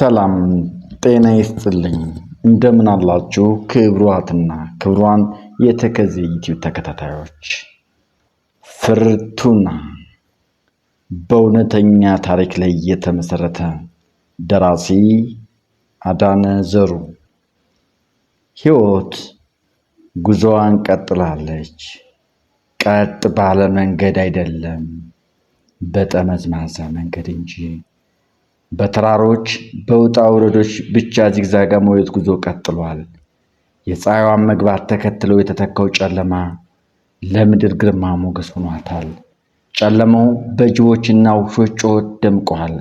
ሰላም ጤና ይስጥልኝ እንደምን አላችሁ ክብሯትና ክብሯን የተከዜ ዩቲዩብ ተከታታዮች። ፍርቱና በእውነተኛ ታሪክ ላይ የተመሰረተ ደራሲ አዳነ ዘሩ። ህይወት ጉዞዋን ቀጥላለች። ቀጥ ባለ መንገድ አይደለም፣ በጠመዝማዛ መንገድ እንጂ በተራሮች በውጣ ውረዶች ብቻ ዚግዛጋ መውየት ጉዞ ቀጥሏል። የፀሐይዋን መግባት ተከትሎ የተተካው ጨለማ ለምድር ግርማ ሞገስ ሆኗታል። ጨለማው በጅቦችና ውሾች ጮት ደምቋል።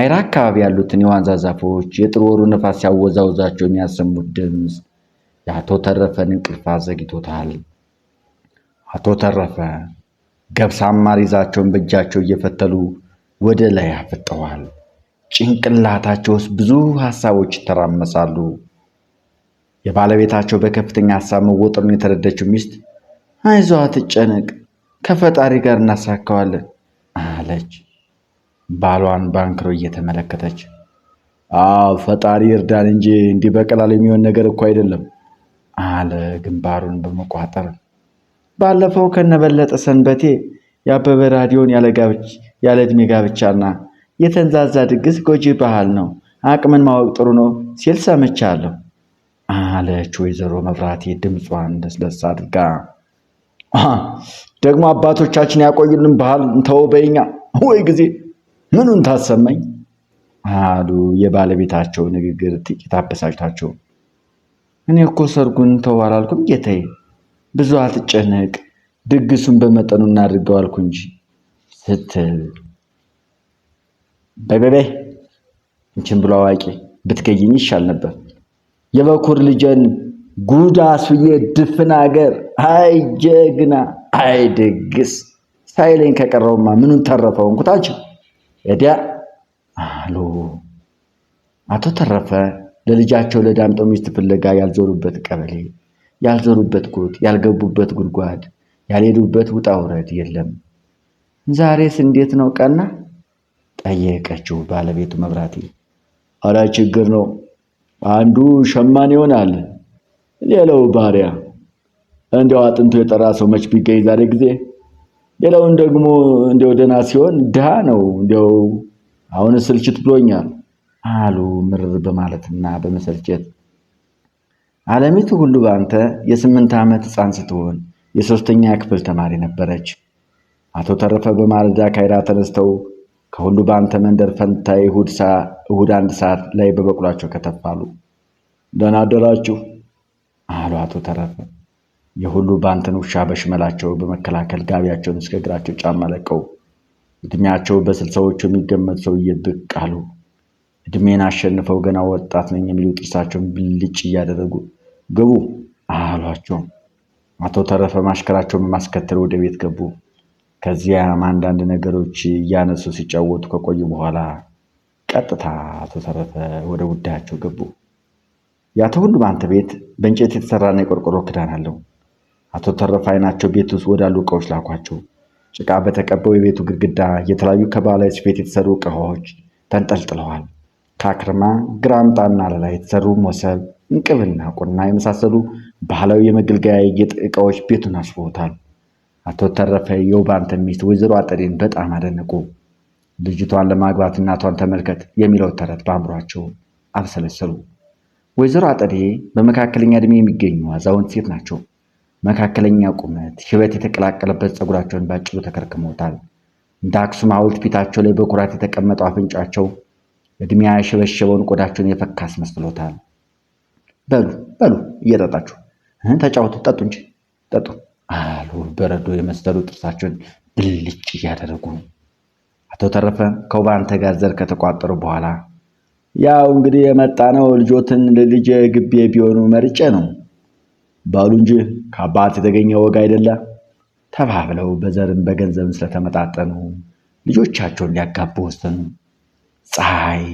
አይራ አካባቢ ያሉትን የዋንዛ ዛፎች የጥር ወሩ ነፋስ ሲያወዛውዛቸው የሚያሰሙት ድምፅ የአቶ ተረፈን እንቅልፍ አዘግቶታል። አቶ ተረፈ ገብሳማ ሪዛቸውን በእጃቸው እየፈተሉ ወደ ላይ አፍጠዋል። ጭንቅላታቸው ውስጥ ብዙ ሀሳቦች ይተራመሳሉ። የባለቤታቸው በከፍተኛ ሀሳብ መወጠሩን የተረዳችው ሚስት አይዞ አትጨነቅ፣ ከፈጣሪ ጋር እናሳካዋለን አለች፣ ባሏን ባንክሮ እየተመለከተች። አዎ ፈጣሪ እርዳን እንጂ እንዲህ በቀላል የሚሆን ነገር እኮ አይደለም አለ ግንባሩን በመቋጠር። ባለፈው ከነበለጠ ሰንበቴ የአበበ ራዲዮን ያለ እድሜ ጋብቻና የተንዛዛ ድግስ ጎጂ ባህል ነው። አቅምን ማወቅ ጥሩ ነው ሲል ሰምቻለሁ አለች ወይዘሮ መብራቴ ድምጿን ለስለስ አድርጋ። ደግሞ አባቶቻችን ያቆዩልን ባህል እንተው በኛ ወይ ጊዜ ምኑን ታሰማኝ አሉ። የባለቤታቸው ንግግር ጥቂት አበሳጭታቸው፣ እኔ እኮ ሰርጉን እንተው አላልኩም ጌታዬ፣ ብዙ አትጨነቅ፣ ድግሱን በመጠኑ እናድርገው አልኩ እንጂ ስትል በበበይ እንችን ብሎ አዋቂ ብትገይኝ ይሻል ነበር። የበኩር ልጅን ጉድ አስፍዬ ድፍን አገር አይ ጀግና አይ ድግስ ሳይለኝ ከቀረውማ ምኑን ተረፈው? እንኩታቸው እዲያ አሉ አቶ ተረፈ ለልጃቸው ለዳምጠው ሚስት ፍለጋ ያልዞሩበት ቀበሌ፣ ያልዞሩበት ጎጥ፣ ያልገቡበት ጉድጓድ፣ ያልሄዱበት ውጣ ውረድ የለም። ዛሬስ እንዴት ነው ቀና ጠየቀችው ባለቤቱ መብራቴ። አረ ችግር ነው፣ አንዱ ሸማኔ ይሆናል፣ ሌላው ባሪያ። እንዲያው አጥንቶ የጠራ ሰው መች ቢገኝ ዛሬ ጊዜ። ሌላውን ደግሞ እንዲያው ደህና ሲሆን ድሃ ነው። እንዲያው አሁን ስልችት ብሎኛል አሉ ምርር በማለትና በመሰልቸት። አለሚቱ ሁሉ በአንተ የስምንት ዓመት ህፃን ስትሆን የሶስተኛ ክፍል ተማሪ ነበረች። አቶ ተረፈ በማለዳ ካይራ ተነስተው ከሁሉ በአንተ መንደር ፈንታ እሁድ አንድ ሰዓት ላይ በበቅሏቸው ከተፋሉ ደህና አደራችሁ አሉ አቶ ተረፈ። የሁሉ በአንተን ውሻ በሽመላቸው በመከላከል ጋቢያቸውን እስከ እግራቸው ጫማ ለቀው እድሜያቸው በስልሳዎቹ የሚገመት ሰውዬ ብቅ አሉ። እድሜን አሸንፈው ገና ወጣት ነኝ የሚሉ ጥርሳቸውን ብልጭ እያደረጉ ግቡ አሏቸው። አቶ ተረፈ ማሽከራቸውን በማስከተል ወደ ቤት ገቡ። ከዚያም አንዳንድ ነገሮች እያነሱ ሲጫወቱ ከቆዩ በኋላ ቀጥታ አቶ ተረፈ ወደ ጉዳያቸው ገቡ። የአቶ ሁሉ በአንተ ቤት በእንጨት የተሰራና የቆርቆሮ ክዳን አለው። አቶ ተረፈ አይናቸው ቤት ውስጥ ወዳሉ እቃዎች ላኳቸው። ጭቃ በተቀበው የቤቱ ግድግዳ የተለያዩ ከባህላዊ ስፌት የተሰሩ እቃዎች ተንጠልጥለዋል። ከአክርማ ግራምጣና ለላይ የተሰሩ ሞሰብ፣ እንቅብና ቁና የመሳሰሉ ባህላዊ የመገልገያ የጌጥ እቃዎች ቤቱን አስበውታል። አቶ ተረፈ የውባንተ ሚስት ወይዘሮ አጠዴን በጣም አደነቁ። ልጅቷን ለማግባት እናቷን ተመልከት የሚለው ተረት በአእምሯቸው አብሰለሰሉ። ወይዘሮ አጠዴ በመካከለኛ እድሜ የሚገኙ አዛውንት ሴት ናቸው። መካከለኛ ቁመት፣ ሽበት የተቀላቀለበት ፀጉራቸውን ባጭሩ ተከርክመውታል። እንደ አክሱም ሐውልት ፊታቸው ላይ በኩራት የተቀመጠው አፍንጫቸው እድሜ ያሸበሸበውን ቆዳቸውን የፈካ አስመስሎታል። በሉ በሉ እየጠጣችሁ ተጫወቱ፣ ጠጡ እንጂ ጠጡ አሉ በረዶ የመሰሉ ጥርሳቸውን ብልጭ እያደረጉ። አቶ ተረፈ ከውባንተ ጋር ዘር ከተቋጠሩ በኋላ ያው እንግዲህ የመጣ ነው ልጆትን ለልጅ ግቤ ቢሆኑ መርጬ ነው ባሉ እንጂ ከአባት የተገኘ ወግ አይደለ ተባብለው በዘርም በገንዘብም ስለተመጣጠኑ ልጆቻቸውን ሊያጋቡ ወሰኑ። ፀሐይ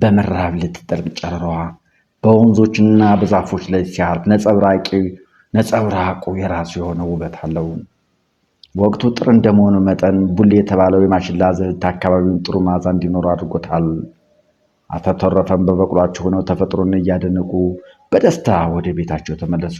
በመራብ ልትጠልቅ ጨረሯ በወንዞችና በዛፎች ላይ ሲያርፍ ነጸብራቂ ነጸብራቁ የራሱ የሆነ ውበት አለው። ወቅቱ ጥር እንደመሆኑ መጠን ቡሌ የተባለው የማሽላ ዝህት አካባቢውን ጥሩ መዓዛ እንዲኖሩ አድርጎታል። አቶ ተረፈም በበቅሏቸው ሆነው ተፈጥሮን እያደነቁ በደስታ ወደ ቤታቸው ተመለሱ።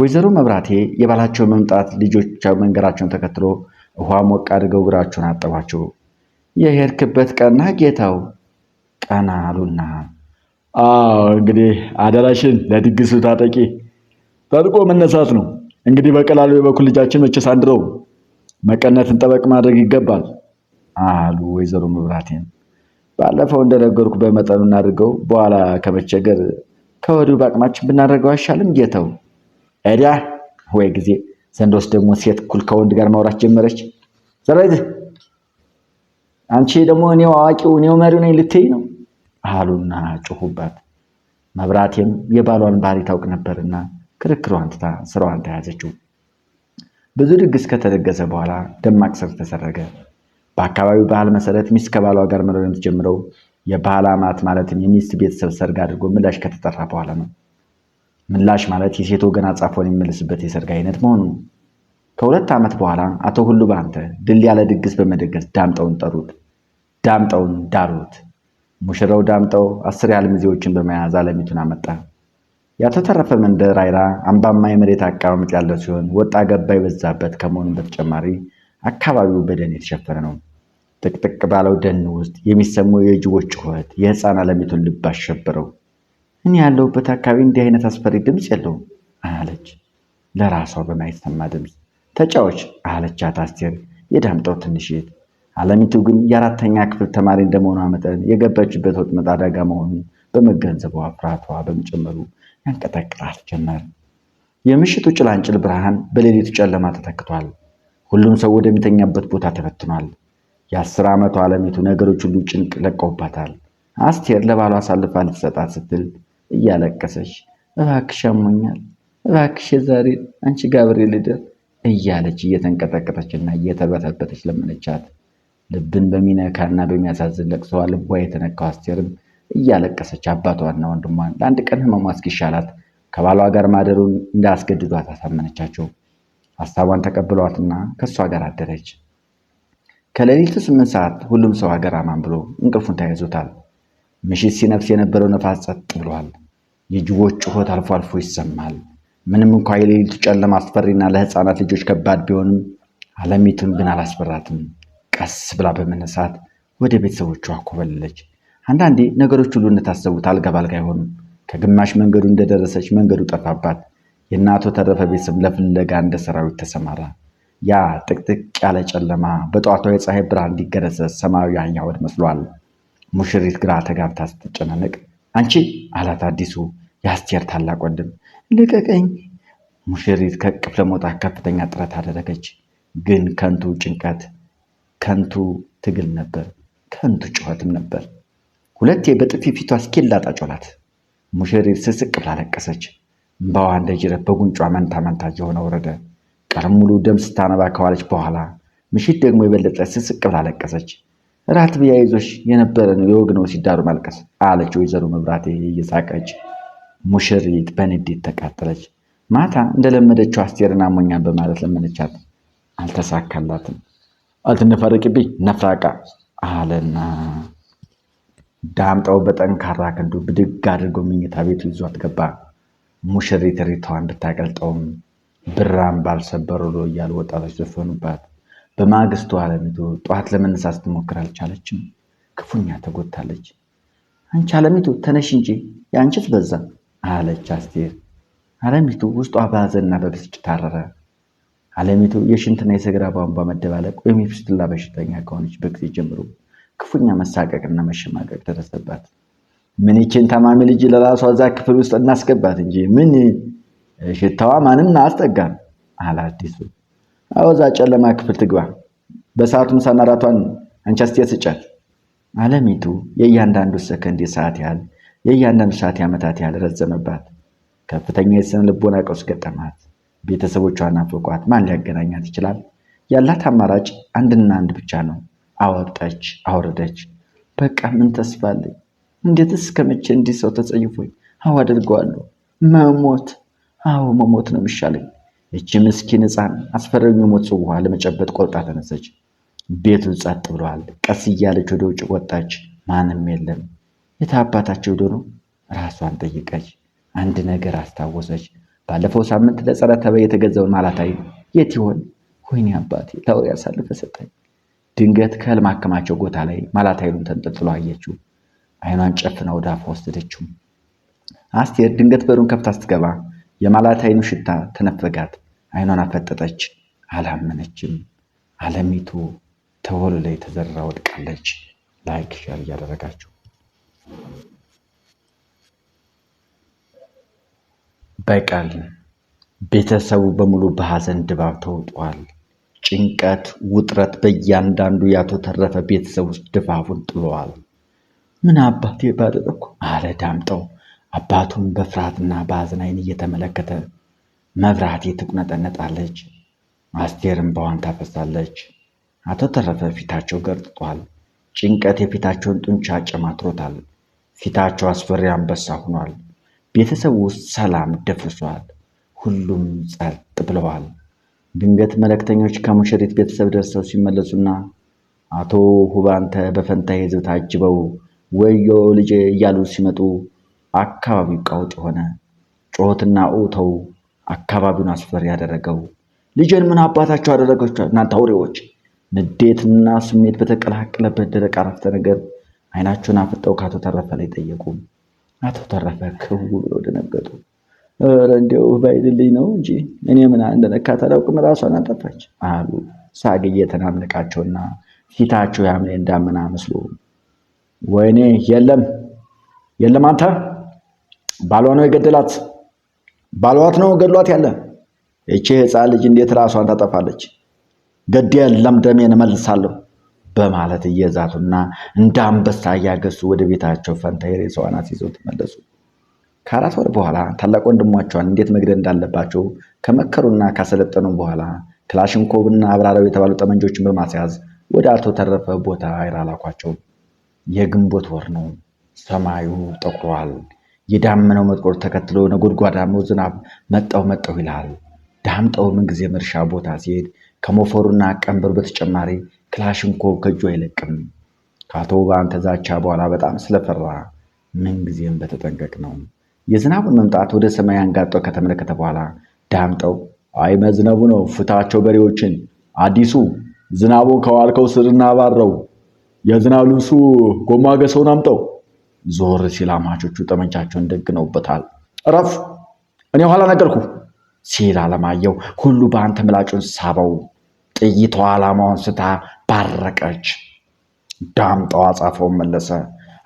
ወይዘሮ መብራቴ የባላቸው መምጣት ልጆች መንገዳቸውን ተከትሎ ውሃ ሞቅ አድርገው እግራቸውን አጠቧቸው። የሄድክበት ቀና ጌታው ቀና አሉና፣ አዎ እንግዲህ አደራሽን ለድግሱ ታጠቂ ጠብቆ መነሳት ነው። እንግዲህ በቀላሉ የበኩል ልጃችን መቼስ አንድረው መቀነትን ጠበቅ ማድረግ ይገባል አሉ ወይዘሮ መብራቴን። ባለፈው እንደነገርኩ በመጠኑ እናድርገው፣ በኋላ ከመቸገር ከወዲሁ በአቅማችን ብናደርገው አይሻልም? ጌተው እዲያ ወይ ጊዜ ዘንዶስ ደግሞ ሴት እኩል ከወንድ ጋር ማውራት ጀመረች። ሰራዊት አንቺ ደግሞ እኔው አዋቂው እኔው መሪው ነኝ ልትይ ነው አሉና ጩሁባት። መብራቴም የባሏን ባህሪ ታውቅ ነበርና ክርክሯን ትታ ስራዋን ተያዘችው። ብዙ ድግስ ከተደገሰ በኋላ ደማቅ ሰርግ ተሰረገ። በአካባቢው ባህል መሰረት ሚስት ከባሏ ጋር መኖር የምትጀምረው የባህል አማት ማለትም የሚስት ቤተሰብ ሰርግ አድርጎ ምላሽ ከተጠራ በኋላ ነው። ምላሽ ማለት የሴት ወገን አጻፎን የሚመልስበት የሰርግ አይነት መሆኑ ነው። ከሁለት ዓመት በኋላ አቶ ሁሉ በአንተ ድል ያለ ድግስ በመደገስ ዳምጠውን ጠሩት። ዳምጠውን ዳሩት። ሙሽራው ዳምጠው አስር ያህል ሚዜዎችን በመያዝ አለሚቱን አመጣ። ያልተተረፈ መንደር አይራ አምባማ የመሬት አቀማመጥ ያለው ሲሆን ወጣ ገባ የበዛበት ከመሆኑ በተጨማሪ አካባቢው በደን የተሸፈነ ነው። ጥቅጥቅ ባለው ደን ውስጥ የሚሰማው የጅቦች ጩኸት የህፃን አለሚቱን ልብ አሸበረው። እኔ ያለሁበት አካባቢ እንዲህ አይነት አስፈሪ ድምፅ የለውም አለች ለራሷ በማይሰማ ድምፅ። ተጫዎች አለቻት አስቴር የዳምጠው ትንሽት። አለሚቱ ግን የአራተኛ ክፍል ተማሪ እንደመሆኗ መጠን የገባችበት ወጥመድ አደጋ መሆኑን በመገንዘቧ ፍርሃቷ በመጨመሩ ያንቀጠቅጣት ጀመር። የምሽቱ ጭላንጭል ብርሃን በሌሊቱ ጨለማ ተተክቷል። ሁሉም ሰው ወደሚተኛበት ቦታ ተበትኗል። የአስር ዓመቷ አለሚቱ ነገሮች ሁሉ ጭንቅ ለቀውባታል። አስቴር ለባሏ አሳልፋ ልትሰጣት ስትል እያለቀሰች እባክሽ አሞኛል፣ እባክሽ ዛሬ አንቺ ጋብሬ ልደር እያለች እየተንቀጠቀጠችና እየተበተበተች ለመነቻት። ልብን በሚነካና በሚያሳዝን ለቅሰዋ ልቧ የተነካው አስቴርም እያለቀሰች አባቷና ወንድሟን ለአንድ ቀን ህመሟ እስኪሻላት ከባሏ ጋር ማደሩን እንዳያስገድዷት አሳመነቻቸው። ሀሳቧን ተቀብሏትና ከእሷ ጋር አደረች። ከሌሊቱ ስምንት ሰዓት ሁሉም ሰው ሀገር አማን ብሎ እንቅልፉን ተያይዞታል። ምሽት ሲነፍስ የነበረው ነፋስ ጸጥ ብሏል። የጅቦች ጩኸት አልፎ አልፎ ይሰማል። ምንም እንኳ የሌሊቱ ጨለማ አስፈሪና ለህፃናት ልጆች ከባድ ቢሆንም አለሚቱን ግን አላስፈራትም። ቀስ ብላ በመነሳት ወደ ቤተሰቦቿ አኮበለለች። አንዳንዴ ነገሮች ሁሉ እንደታሰቡት አልጋ ባልጋ አይሆኑም። ከግማሽ መንገዱ እንደደረሰች መንገዱ ጠፋባት። የእናቶ ተረፈ ቤተሰብ ለፍለጋ እንደ ሰራዊት ተሰማራ። ያ ጥቅጥቅ ያለ ጨለማ በጠዋቷ የፀሐይ ብርሃን እንዲገረዘዝ ሰማያዊ አኛወድ መስሏል። ሙሽሪት ግራ ተጋብታ ስትጨናነቅ አንቺ አላት አዲሱ የአስቴር ታላቅ ወንድም። ልቀቀኝ። ሙሽሪት ከቅፍ ለመውጣት ከፍተኛ ጥረት አደረገች። ግን ከንቱ ጭንቀት፣ ከንቱ ትግል ነበር፣ ከንቱ ጩኸትም ነበር። ሁለቴ በጥፊ ፊቷ እስኪላጣ ጮላት። ሙሽሪት ስስቅ ብላ ለቀሰች። እምባዋ እንደ ጅረት በጉንጯ መንታ መንታ እየሆነ ወረደ። ቀን ሙሉ ደም ስታነባ ከዋለች በኋላ ምሽት ደግሞ የበለጠ ስስቅ ብላ ለቀሰች። ራት ብያ ይዞሽ የነበረ ነው የወግ ነው ሲዳሩ ማልቀስ አለች ወይዘሮ መብራቴ እየሳቀች። ሙሽሪት በንዴት ተቃጠለች። ማታ እንደለመደችው አስቴርን አሞኛን በማለት ለመነቻት። አልተሳካላትም። አልትነፈረቂብኝ ነፍራቃ አለና ዳምጠው በጠንካራ ክንዱ ብድግ አድርጎ መኝታ ቤቱ ይዟት ገባ። ሙሽሪት እንድታቀልጠውም ብታቀልጠውም ብራም ባልሰበሩ እያሉ ወጣቶች ዘፈኑባት። በማግስቱ አለሚቱ ጠዋት ለመነሳት ትሞክር አልቻለችም። ክፉኛ ተጎታለች። አንቺ አለሚቱ ተነሽ እንጂ የአንቺት በዛ አለች አስቴር። አለሚቱ ውስጧ በሀዘንና በብስጭት ታረረ። አለሚቱ የሽንትና የሰገራ ቧንቧ መደባለቅ ወይም የፍስትላ በሽተኛ ከሆነች በጊዜ ጀምሮ ክፉኛ መሳቀቅና መሸማቀቅ ደረሰባት። ምን ይችን ታማሚ ልጅ ለራሷ እዛ ክፍል ውስጥ እናስገባት እንጂ ምን ሽታዋ ማንም አያስጠጋም አለ አዲሱ። አወዛ ጨለማ ክፍል ትግባ፣ በሰዓቱ ምሳና ራቷን አንቺ አለሚቱ የእያንዳንዱ ሰከንድ የሰዓት ያህል የእያንዳንዱ ሰዓት የዓመታት ያህል ረዘመባት። ከፍተኛ የስነ ልቦና ቀውስ ገጠማት። ቤተሰቦቿና ፎቋት ማን ሊያገናኛት ይችላል? ያላት አማራጭ አንድና አንድ ብቻ ነው። አወጣች አወረደች። በቃ ምን ተስፋ አለኝ? እንዴት እስከ መቼ እንዲህ ሰው ተጸይፎኝ? አዎ አደርገዋለሁ። መሞት፣ አዎ መሞት ነው የሚሻለኝ። እቺ ምስኪን ሕፃን አስፈረኙ የሞት ጽዋ ለመጨበጥ ቆርጣ ተነሰች። ቤቱ ጸጥ ብለዋል። ቀስ እያለች ወደ ውጭ ወጣች። ማንም የለም። የት አባታቸው ሄዶ ነው? ራሷን ጠይቀች። አንድ ነገር አስታወሰች። ባለፈው ሳምንት ለጸረ ተባይ የተገዛውን ማላታዊ የት ይሆን? ወይኔ አባቴ ላውሬ አሳልፈ ሰጠኝ። ድንገት ከህልም አከማቸው ጎታ ላይ ማላት ኃይሉን ተንጠልጥሎ አየችው። አይኗን ጨፍና ወደ አፏ ወሰደችው። አስቴር ድንገት በሩን ከፍታ ስትገባ የማላት ኃይሉ ሽታ ተነፈጋት። አይኗን አፈጠጠች። አላመነችም። አለሚቱ ተወሉ ላይ ተዘራ ወድቃለች። ላይክ ሸር እያደረጋችሁ በቀል ቤተሰቡ በሙሉ በሐዘን ድባብ ተውጧል። ጭንቀት፣ ውጥረት በእያንዳንዱ የአቶ ተረፈ ቤተሰብ ውስጥ ድባቡን ጥለዋል። ምን አባቴ ባደረግኩ አለ ዳምጠው አባቱን በፍርሃትና በአዝን ዓይን እየተመለከተ። መብራቴ ትቁነጠነጣለች፣ አስቴር በዋን ታፈሳለች። አቶ ተረፈ ፊታቸው ገርጥቷል። ጭንቀት የፊታቸውን ጡንቻ ጨማትሮታል። ፊታቸው አስፈሪ አንበሳ ሆኗል። ቤተሰቡ ውስጥ ሰላም ደፍርሷል። ሁሉም ጸጥ ብለዋል። ድንገት መልእክተኞች ከሙሽሪት ቤተሰብ ደርሰው ሲመለሱና አቶ ሁባንተ በፈንታ ይዘው ታጅበው ወዮ ልጄ እያሉ ሲመጡ አካባቢው ቀውጥ የሆነ ጩኸትና ኡተው አካባቢውን አስፈሪ ያደረገው። ልጄን ምን አባታቸው አደረገች እናንተ አውሬዎች! ንዴትና ስሜት በተቀላቀለበት ደረቅ አረፍተ ነገር አይናቸውን አፍጠው ከአቶ ተረፈ ላይ ጠየቁ። አቶ ተረፈ ክው ብለው ደነገጡ። እንዲያው ባይልልኝ ነው እንጂ እኔ ምን እንደነካት አላውቅም። ራሷን አጠፋች አሉ ሳግ እየተናነቃቸውና ፊታቸው ያምኔ እንዳምና መስሎ ወይኔ የለም የለም አንተ ባሏ ነው የገደላት ባሏት ነው ገድሏት ያለ እቺ ህፃን ልጅ እንዴት ራሷን ታጠፋለች? ገድ የለም ደሜን እመልሳለሁ በማለት እየዛቱና እንደ አንበሳ እያገሱ ወደ ቤታቸው ፈንታ የሬሳዋን ይዘው ተመለሱ። ከአራት ወር በኋላ ታላቅ ወንድሟቸዋን እንዴት መግደል እንዳለባቸው ከመከሩና ካሰለጠኑ በኋላ ክላሽንኮቭና አብራራው የተባሉ ጠመንጆችን በማስያዝ ወደ አቶ ተረፈ ቦታ አይራላኳቸው። የግንቦት ወር ነው። ሰማዩ ጠቁሯል። የዳመናው መጥቆር ተከትሎ ነጎድጓዳማው ዝናብ መጣው መጣው ይላል። ዳምጠው ምንጊዜ እርሻ ቦታ ሲሄድ ከሞፈሩና ቀንበሩ በተጨማሪ ክላሽንኮቭ ከእጁ አይለቅም። ከአቶ ባንተ ዛቻ በኋላ በጣም ስለፈራ ምንጊዜም በተጠንቀቅ ነው። የዝናቡን መምጣት ወደ ሰማይ አንጋጦ ከተመለከተ በኋላ ዳምጠው አይ መዝነቡ ነው፣ ፍታቸው በሬዎችን። አዲሱ ዝናቡን ከዋልከው ስር እናባረው። የዝናብ ልብሱ ጎማ ገሰውን አምጠው። ዞር ሲል አማቾቹ ጠመንጃቸውን ደግነውበታል። እረፍ፣ እኔ ኋላ ነገርኩ ሲል አለማየሁ ሁሉ በአንተ ምላጩን ሳበው። ጥይቷ ዓላማውን ስታ ባረቀች። ዳምጠው አጻፈውን መለሰ።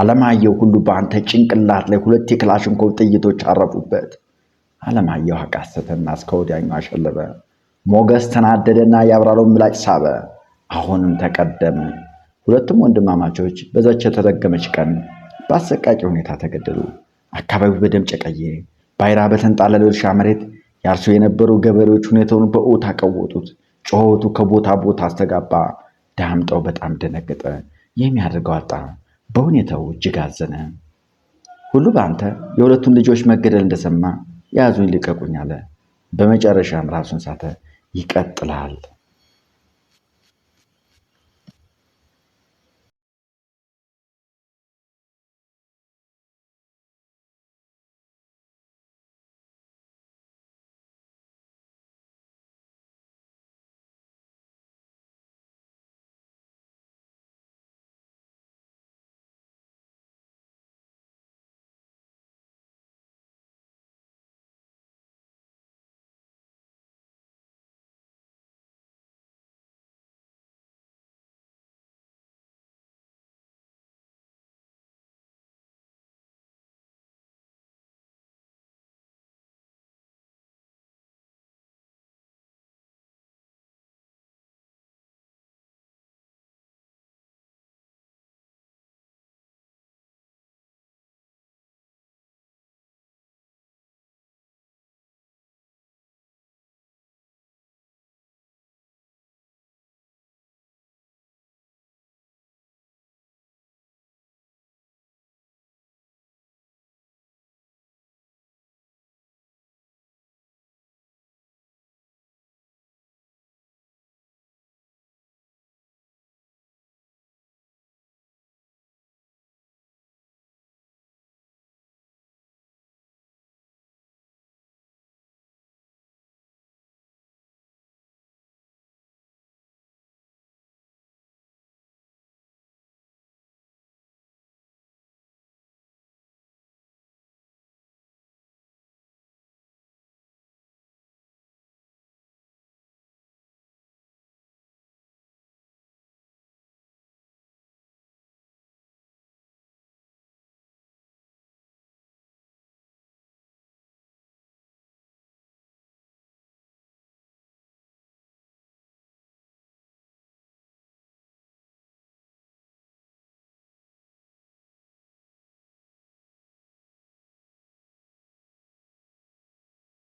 አለማየሁ ሁሉ በአንተ ጭንቅላት ላይ ሁለት የክላሽንኮቭ ጥይቶች አረፉበት። አለማየሁ አቃሰተና እስከ ወዲያኛው አሸለበ። ሞገስ ተናደደና የአብራራውን ምላጭ ሳበ። አሁንም ተቀደመ። ሁለቱም ወንድማማቾች በዛች የተረገመች ቀን በአሰቃቂ ሁኔታ ተገደሉ። አካባቢው በደም ጨቀየ። ባይራ በተንጣለለው እርሻ መሬት ያርሱ የነበሩ ገበሬዎች ሁኔታውን በኦት አቀወጡት። ጩኸቱ ከቦታ ቦታ አስተጋባ። ዳምጠው በጣም ደነገጠ። የሚያደርገው አጣ። በሁኔታው እጅግ አዘነ። ሁሉ በአንተ የሁለቱን ልጆች መገደል እንደሰማ ያዙኝ ልቀቁኝ አለ። በመጨረሻም ራሱን ሳተ። ይቀጥላል።